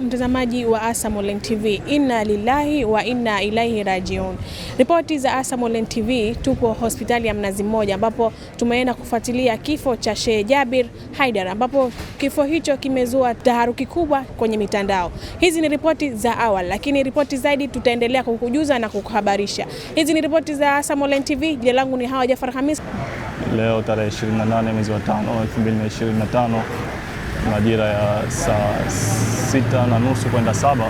Mtazamaji wa Asam Online TV, inna lillahi wa inna ilaihi rajiun. Ripoti za Asam Online TV, tupo hospitali ya Mnazi Mmoja ambapo tumeenda kufuatilia kifo cha Sheikh Jabir Haidar ambapo kifo hicho kimezua taharuki kubwa kwenye mitandao. Hizi ni ripoti za awali, lakini ripoti zaidi tutaendelea kukujuza na kukuhabarisha. Hizi ni ripoti za Asam Online TV. Jina langu ni Hawa Jafar Hamis. Leo tarehe 28 mwezi wa 5 2025 majira ya saa sita na nusu kwenda saba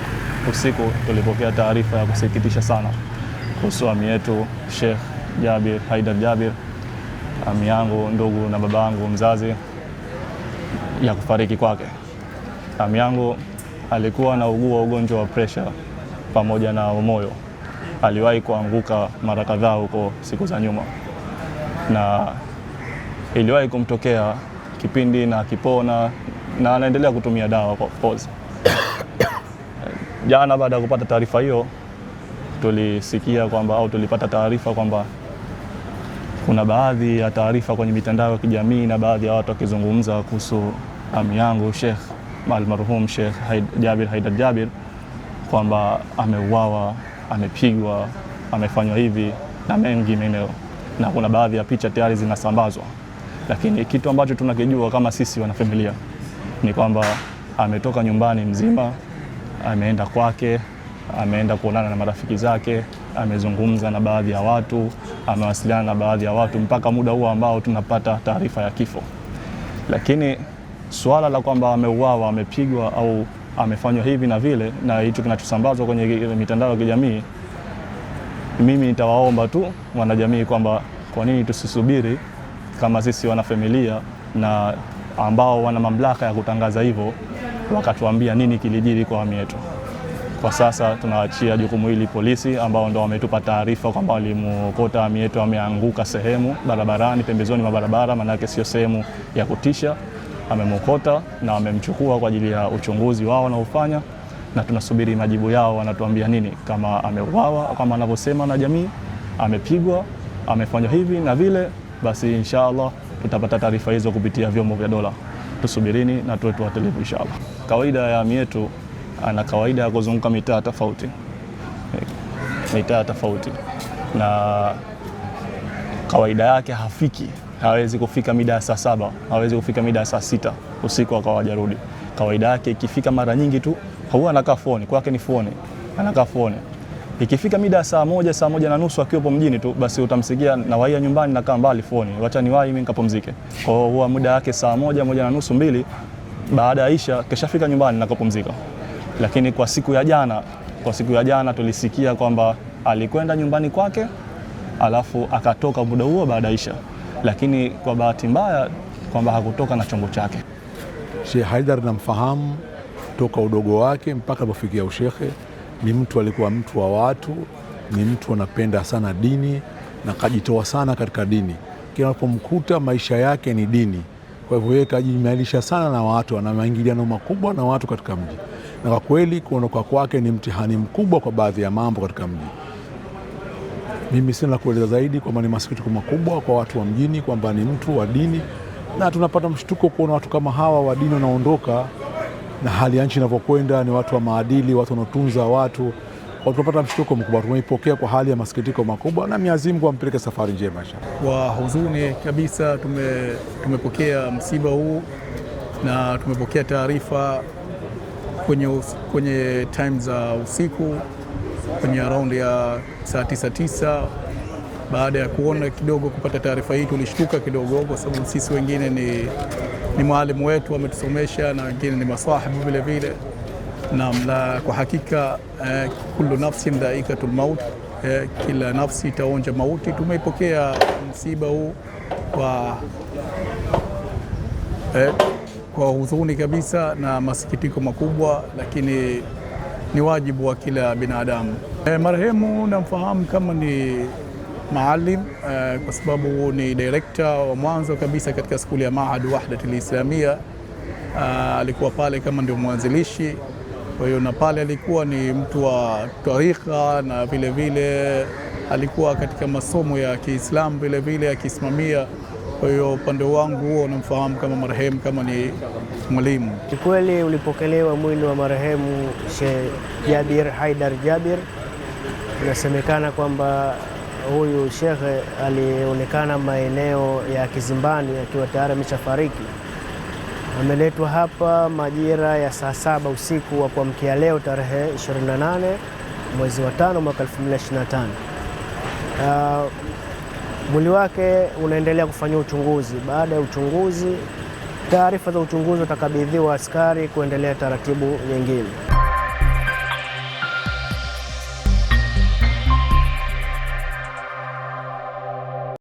usiku tulipokea taarifa ya kusikitisha sana kuhusu ami yetu Sheikh Jabir Haidar Jabir, ami yangu ndugu na baba yangu mzazi, ya kufariki kwake. Ami yangu alikuwa ugua ugonjwa wa presha pamoja na moyo, aliwahi kuanguka mara kadhaa huko siku za nyuma, na iliwahi kumtokea kipindi na kipona na anaendelea kutumia dawa of course. Jana baada ya kupata taarifa hiyo, tulisikia kwamba au tulipata taarifa kwamba kuna baadhi ya taarifa kwenye mitandao ya kijamii na baadhi ya watu wakizungumza kuhusu ami yangu Sheikh almarhum Sheikh Haid, Jabir Haidar Jabir kwamba ameuawa, amepigwa, amefanywa hivi na mengi mengineo, na kuna baadhi ya picha tayari zinasambazwa, lakini kitu ambacho tunakijua kama sisi wanafamilia ni kwamba ametoka nyumbani mzima, ameenda kwake, ameenda kuonana na marafiki zake, amezungumza na baadhi ya watu, amewasiliana na baadhi ya watu mpaka muda huo ambao tunapata taarifa ya kifo. Lakini suala la kwamba ameuawa, amepigwa au amefanywa hivi na vile, na hicho kinachosambazwa kwenye mitandao ya kijamii, mimi nitawaomba tu wanajamii kwamba kwa nini tusisubiri kama sisi wanafamilia na ambao wana mamlaka ya kutangaza hivyo wakatuambia nini kilijiri kwa ami yetu. Kwa sasa tunawachia jukumu hili polisi, ambao ndo wametupa taarifa kwamba walimuokota ami yetu ameanguka sehemu barabarani, pembezoni mwa barabara, maanake sio sehemu ya kutisha. Amemwokota na wamemchukua kwa ajili ya uchunguzi wao wanaofanya, na tunasubiri majibu yao, wanatuambia nini, kama ameuawa kama wanavyosema na jamii, amepigwa, amefanywa hivi na vile basi insha Allah tutapata taarifa hizo kupitia vyombo vya dola. Tusubirini na tuwe tuwatilivu inshallah. Kawaida ya ami yetu ana kawaida ya kuzunguka mitaa tofauti mitaa tofauti, na kawaida yake hafiki, hawezi kufika mida ya saa saba, hawezi kufika mida ya saa sita usiku akawa hajarudi. Kawaida yake ikifika mara nyingi tu huwa anakaa foni kwake, ni foni anakaa foni Ikifika mida saa moja saa moja na nusu akiwepo mjini tu, basi utamsikia na waia nyumbani, nakaa mbali foni, wacha niwahi mimi nikapumzike. Kwa hiyo huwa muda wake saa moja moja na nusu mbili, baada ya Isha keshafika nyumbani nakapumzika. Lakini kwa siku ya jana, kwa siku ya jana tulisikia kwamba alikwenda nyumbani kwake alafu akatoka muda huo baada ya Isha, lakini kwa bahati mbaya kwamba hakutoka na chombo chake. Sheikh Haidar namfahamu toka udogo wake mpaka alipofikia ushekhe ni mtu alikuwa mtu wa watu, ni mtu anapenda sana dini na kajitoa sana katika dini. Kila unapomkuta maisha yake ni dini. Kwa hivyo yeye kajimailisha sana na watu, ana maingiliano makubwa na watu katika mji, na kwa kweli kuondoka kwake ni mtihani mkubwa kwa baadhi ya mambo katika mji. Mimi sina la kueleza zaidi, kwamba ni masikitiko makubwa kwa watu wa mjini kwamba ni mtu wa dini, na tunapata mshtuko kuona watu kama hawa wa dini wanaondoka na hali ya nchi inavyokwenda, ni watu wa maadili, watu wanaotunza watu tunapata mshtuko mkubwa, tumeipokea kwa hali ya masikitiko makubwa, na Mwenyezi Mungu ampeleke safari njema. Kwa huzuni kabisa tume, tumepokea msiba huu na tumepokea taarifa kwenye, kwenye time za usiku kwenye around ya saa tisa tisa. Baada ya kuona kidogo kupata taarifa hii tulishtuka kidogo, kwa sababu sisi wengine ni ni mwalimu wetu, ametusomesha na wengine ni masahibu vile vile. Naam, na kwa hakika eh, kullu nafsin dhaikatul maut eh, kila nafsi itaonja mauti. Tumeipokea msiba huu kwa eh, kwa huzuni kabisa na masikitiko makubwa, lakini ni wajibu wa kila binadamu. Eh, marehemu namfahamu kama ni maalim uh, kwa sababu ni direkta wa mwanzo kabisa katika skuli ya Maahad Wahdat Alislamia. Uh, eh, alikuwa pale kama ndio mwanzilishi, kwa hiyo na pale alikuwa ni mtu wa tarika na vile vile alikuwa katika masomo ya Kiislamu vile vile akisimamia. Kwa hiyo upande wangu huo unamfahamu kama marehemu kama ni mwalimu. Kikweli ulipokelewa mwili wa marehemu Sheikh Jabir Haidar Jabir, inasemekana kwamba huyu shekhe alionekana maeneo ya Kizimbani akiwa tayari ameshafariki. Ameletwa hapa majira ya saa saba usiku wa kuamkia leo tarehe 28 mwezi wa tano mwaka 2025. Uh, mwili wake unaendelea kufanyia uchunguzi. Baada ya uchunguzi, taarifa za uchunguzi utakabidhiwa askari kuendelea taratibu nyingine.